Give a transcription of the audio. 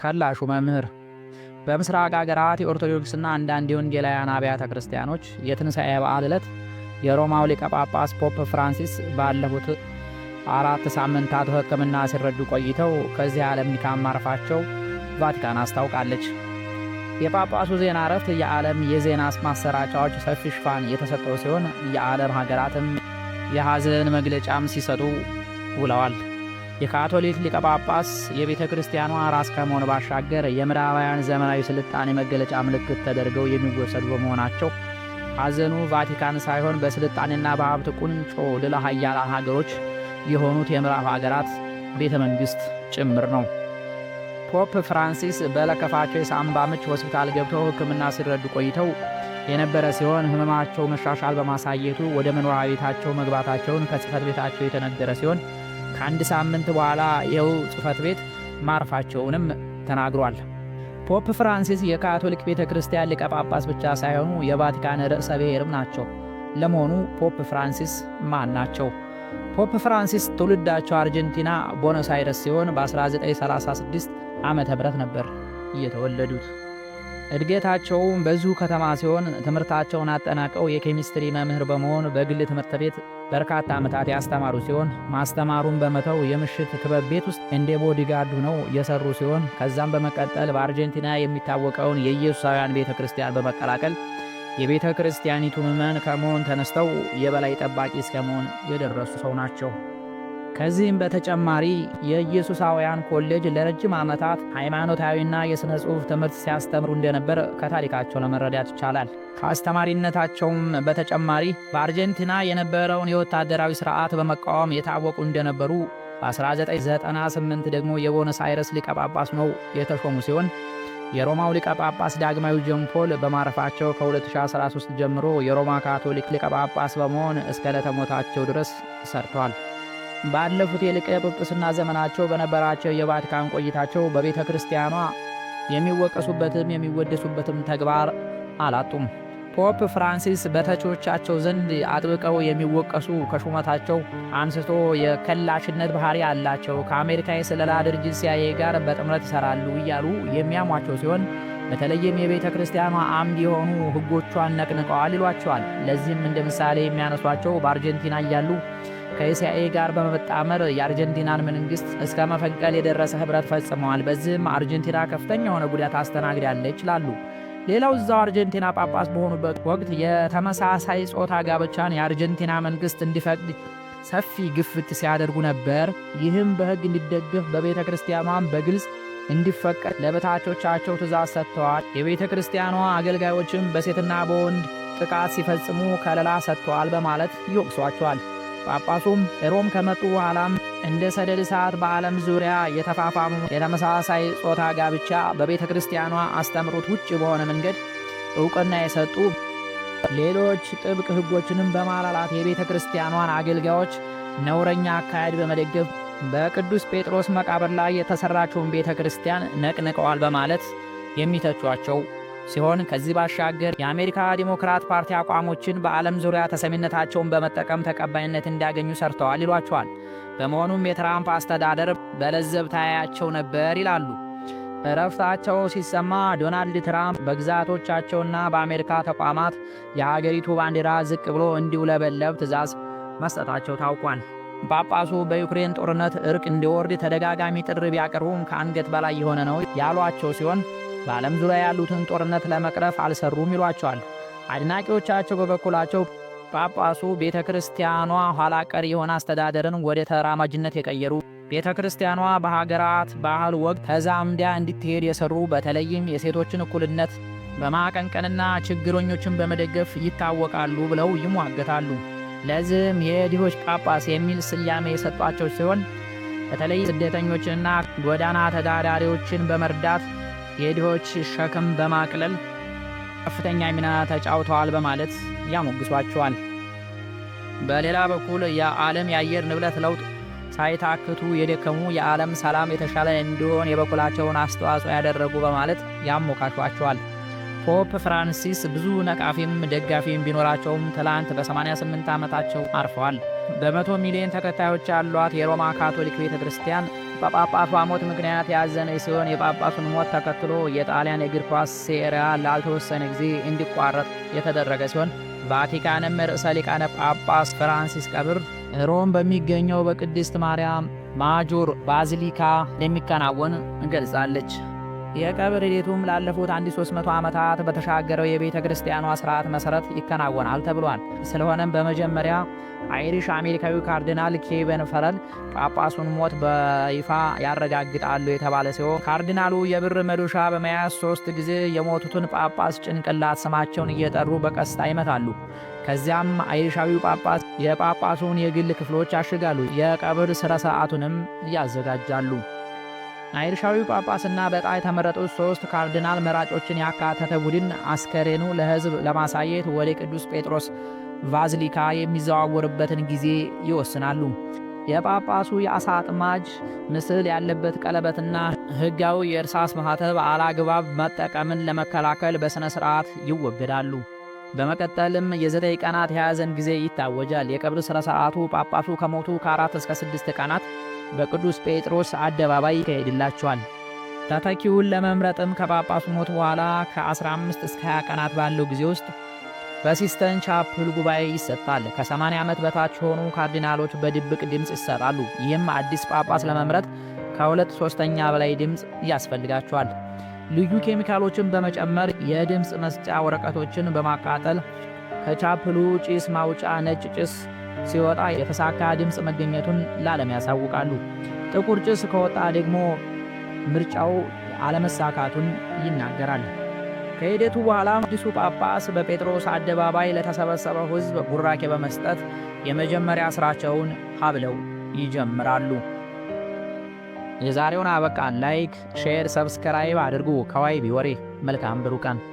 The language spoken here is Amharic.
ከላሹ መምህር በምስራቅ አገራት የኦርቶዶክስና አንዳንድ የወንጌላውያን አብያተ ክርስቲያኖች የትንሣኤ በዓል ዕለት የሮማው ሊቀ ጳጳስ ፖፕ ፍራንሲስ ባለፉት አራት ሳምንታት ሕክምና ሲረዱ ቆይተው ከዚህ ዓለም ድካም ማረፋቸው ቫቲካን አስታውቃለች። የጳጳሱ ዜና እረፍት የዓለም የዜና ማሰራጫዎች ሰፊ ሽፋን የተሰጠው ሲሆን የዓለም ሀገራትም የሐዘን መግለጫም ሲሰጡ ውለዋል። የካቶሊክ ሊቀ ጳጳስ የቤተ ክርስቲያኗ ራስ ከመሆን ባሻገር የምዕራባውያን ዘመናዊ ስልጣኔ መገለጫ ምልክት ተደርገው የሚወሰዱ በመሆናቸው ሐዘኑ ቫቲካን ሳይሆን በስልጣኔና በሀብት ቁንጮ ልዕለ ኃያላን ሀገሮች የሆኑት የምዕራብ ሀገራት ቤተ መንግሥት ጭምር ነው። ፖፕ ፍራንሲስ በለከፋቸው የሳምባ ምች ሆስፒታል ገብተው ሕክምና ሲረዱ ቆይተው የነበረ ሲሆን ህመማቸው መሻሻል በማሳየቱ ወደ መኖሪያ ቤታቸው መግባታቸውን ከጽሕፈት ቤታቸው የተነገረ ሲሆን ከአንድ ሳምንት በኋላ ይኸው ጽህፈት ቤት ማረፋቸውንም ተናግሯል። ፖፕ ፍራንሲስ የካቶሊክ ቤተ ክርስቲያን ሊቀ ጳጳስ ብቻ ሳይሆኑ የቫቲካን ርዕሰ ብሔርም ናቸው። ለመሆኑ ፖፕ ፍራንሲስ ማን ናቸው? ፖፕ ፍራንሲስ ትውልዳቸው አርጀንቲና ቦኖስ አይረስ ሲሆን በ1936 ዓመተ ምህረት ነበር የተወለዱት። እድገታቸውም በዚሁ ከተማ ሲሆን ትምህርታቸውን አጠናቀው የኬሚስትሪ መምህር በመሆን በግል ትምህርት ቤት በርካታ ዓመታት ያስተማሩ ሲሆን ማስተማሩን በመተው የምሽት ክበብ ቤት ውስጥ እንደ ቦዲጋርድ ነው የሰሩ ሲሆን ከዛም በመቀጠል በአርጀንቲና የሚታወቀውን የኢየሱሳውያን ቤተ ክርስቲያን በመቀላቀል የቤተ ክርስቲያኒቱ ምዕመን ከመሆን ተነስተው የበላይ ጠባቂ እስከመሆን የደረሱ ሰው ናቸው። ከዚህም በተጨማሪ የኢየሱሳውያን ኮሌጅ ለረጅም ዓመታት ሃይማኖታዊና የሥነ ጽሑፍ ትምህርት ሲያስተምሩ እንደነበር ከታሪካቸው ለመረዳት ይቻላል። ከአስተማሪነታቸውም በተጨማሪ በአርጀንቲና የነበረውን የወታደራዊ ሥርዓት በመቃወም የታወቁ እንደነበሩ በ1998 ደግሞ የቦነስ አይረስ ሊቀ ጳጳስ ነው የተሾሙ ሲሆን የሮማው ሊቀ ጳጳስ ዳግማዊ ጆን ፖል በማረፋቸው ከ2013 ጀምሮ የሮማ ካቶሊክ ሊቀ ጳጳስ በመሆን እስከ ዕለተ ሞታቸው ድረስ ሰርተዋል። ባለፉት የሊቀ ጵጵስና ዘመናቸው በነበራቸው የቫቲካን ቆይታቸው በቤተ ክርስቲያኗ የሚወቀሱበትም የሚወደሱበትም ተግባር አላጡም። ፖፕ ፍራንሲስ በተቺዎቻቸው ዘንድ አጥብቀው የሚወቀሱ ከሹመታቸው አንስቶ የከላሽነት ባህሪ ያላቸው ከአሜሪካ የስለላ ድርጅት ሲያዬ ጋር በጥምረት ይሰራሉ እያሉ የሚያሟቸው ሲሆን በተለይም የቤተ ክርስቲያኗ አምድ የሆኑ ሕጎቿን ነቅንቀዋል ይሏቸዋል። ለዚህም እንደ ምሳሌ የሚያነሷቸው በአርጀንቲና እያሉ ከኤሲአኤ ጋር በመጣመር የአርጀንቲናን መንግስት እስከ መፈንቀል የደረሰ ህብረት ፈጽመዋል። በዚህም አርጀንቲና ከፍተኛ የሆነ ጉዳት አስተናግዳለች ይላሉ። ሌላው እዛው አርጀንቲና ጳጳስ በሆኑበት ወቅት የተመሳሳይ ጾታ ጋብቻን የአርጀንቲና መንግስት እንዲፈቅድ ሰፊ ግፍት ሲያደርጉ ነበር። ይህም በህግ እንዲደግፍ በቤተ ክርስቲያኗም በግልጽ እንዲፈቀድ ለበታቾቻቸው ትእዛዝ ሰጥተዋል። የቤተ ክርስቲያኗ አገልጋዮችም በሴትና በወንድ ጥቃት ሲፈጽሙ ከለላ ሰጥተዋል በማለት ይወቅሷቸዋል። ጳጳሱም ሮም ከመጡ በኋላም እንደ ሰደድ እሳት በዓለም ዙሪያ የተፋፋሙ የተመሳሳይ ጾታ ጋብቻ በቤተ ክርስቲያኗ አስተምሮት ውጭ በሆነ መንገድ እውቅና የሰጡ ሌሎች ጥብቅ ሕጎችንም በማላላት የቤተ ክርስቲያኗን አገልጋዮች ነውረኛ አካሄድ በመደገፍ በቅዱስ ጴጥሮስ መቃብር ላይ የተሰራችውን ቤተ ክርስቲያን ነቅንቀዋል በማለት የሚተቿቸው ሲሆን ከዚህ ባሻገር የአሜሪካ ዲሞክራት ፓርቲ አቋሞችን በዓለም ዙሪያ ተሰሚነታቸውን በመጠቀም ተቀባይነት እንዲያገኙ ሰርተዋል ይሏቸዋል። በመሆኑም የትራምፕ አስተዳደር በለዘብ ታያያቸው ነበር ይላሉ። እረፍታቸው ሲሰማ ዶናልድ ትራምፕ በግዛቶቻቸውና በአሜሪካ ተቋማት የሀገሪቱ ባንዲራ ዝቅ ብሎ እንዲውለበለብ ትዕዛዝ መስጠታቸው ታውቋል። ጳጳሱ በዩክሬን ጦርነት እርቅ እንዲወርድ ተደጋጋሚ ጥሪ ቢያቀርቡም ከአንገት በላይ የሆነ ነው ያሏቸው ሲሆን በዓለም ዙሪያ ያሉትን ጦርነት ለመቅረፍ አልሰሩም ይሏቸዋል። አድናቂዎቻቸው በበኩላቸው ጳጳሱ ቤተ ክርስቲያኗ ኋላ ቀር የሆነ አስተዳደርን ወደ ተራማጅነት የቀየሩ ቤተ ክርስቲያኗ በሀገራት ባህል ወቅት ተዛምዳ እንድትሄድ የሰሩ በተለይም የሴቶችን እኩልነት በማቀንቀንና ችግረኞችን በመደገፍ ይታወቃሉ ብለው ይሟገታሉ። ለዚህም የድሆች ጳጳስ የሚል ስያሜ የሰጧቸው ሲሆን በተለይ ስደተኞችንና ጎዳና ተዳዳሪዎችን በመርዳት የድሆች ሸክም በማቅለል ከፍተኛ ሚና ተጫውተዋል በማለት ያሞግሷቸዋል። በሌላ በኩል የዓለም የአየር ንብረት ለውጥ ሳይታክቱ የደከሙ የዓለም ሰላም የተሻለ እንዲሆን የበኩላቸውን አስተዋጽኦ ያደረጉ በማለት ያሞካሿቸዋል። ፖፕ ፍራንሲስ ብዙ ነቃፊም ደጋፊም ቢኖራቸውም ትላንት በ88 ዓመታቸው አርፈዋል። በመቶ ሚሊዮን ተከታዮች ያሏት የሮማ ካቶሊክ ቤተ ክርስቲያን በጳጳሷ ሞት ምክንያት ያዘነች ሲሆን የጳጳሱን ሞት ተከትሎ የጣሊያን የእግር ኳስ ሴሪያ ላልተወሰነ ጊዜ እንዲቋረጥ የተደረገ ሲሆን ቫቲካንም ርዕሰ ሊቃነ ጳጳስ ፍራንሲስ ቀብር ሮም በሚገኘው በቅድስት ማርያም ማጆር ባዚሊካ እንደሚከናወን እንገልጻለች። የቀብር ሂደቱም ላለፉት 1300 ዓመታት በተሻገረው የቤተ ክርስቲያኗ ስርዓት መሠረት ይከናወናል ተብሏል። ስለሆነም በመጀመሪያ አይሪሽ አሜሪካዊ ካርዲናል ኬቨን ፈረል ጳጳሱን ሞት በይፋ ያረጋግጣሉ የተባለ ሲሆን ካርዲናሉ የብር መዶሻ በመያዝ ሶስት ጊዜ የሞቱትን ጳጳስ ጭንቅላት ስማቸውን እየጠሩ በቀስታ ይመታሉ። ከዚያም አይሪሻዊው ጳጳስ የጳጳሱን የግል ክፍሎች ያሽጋሉ። የቀብር ሥነ ሥርዓቱንም ያዘጋጃሉ። አይርሻዊ ጳጳስና በጣ የተመረጡት ሦስት ካርዲናል መራጮችን ያካተተ ቡድን አስከሬኑ ለሕዝብ ለማሳየት ወደ ቅዱስ ጴጥሮስ ቫዝሊካ የሚዘዋወርበትን ጊዜ ይወስናሉ። የጳጳሱ የአሳ አጥማጅ ምስል ያለበት ቀለበትና ሕጋዊ የእርሳስ ማኅተብ አላግባብ መጠቀምን ለመከላከል በሥነ ሥርዓት ይወገዳሉ። በመቀጠልም የዘጠኝ ቀናት የያዘን ጊዜ ይታወጃል። የቀብር ሥነ ሥርዓቱ ጳጳሱ ከሞቱ ከአራት እስከ ስድስት ቀናት በቅዱስ ጴጥሮስ አደባባይ ይካሄድላቸዋል። ተተኪውን ለመምረጥም ከጳጳሱ ሞት በኋላ ከ15 እስከ 20 ቀናት ባለው ጊዜ ውስጥ በሲስተን ቻፕል ጉባኤ ይሰጣል። ከ80 ዓመት በታች የሆኑ ካርዲናሎች በድብቅ ድምፅ ይሰጣሉ። ይህም አዲስ ጳጳስ ለመምረጥ ከሁለት ሦስተኛ በላይ ድምፅ ያስፈልጋቸዋል። ልዩ ኬሚካሎችን በመጨመር የድምፅ መስጫ ወረቀቶችን በማቃጠል ከቻፕሉ ጭስ ማውጫ ነጭ ጭስ ሲወጣ የተሳካ ድምፅ መገኘቱን ለዓለም ያሳውቃሉ። ጥቁር ጭስ ከወጣ ደግሞ ምርጫው አለመሳካቱን ይናገራል። ከሂደቱ በኋላ አዲሱ ጳጳስ በጴጥሮስ አደባባይ ለተሰበሰበው ሕዝብ ቡራኬ በመስጠት የመጀመሪያ ሥራቸውን ሀብለው ይጀምራሉ። የዛሬውን አበቃን። ላይክ፣ ሼር፣ ሰብስክራይብ አድርጉ። ከዋይቢ ወሬ መልካም ብሩቀን።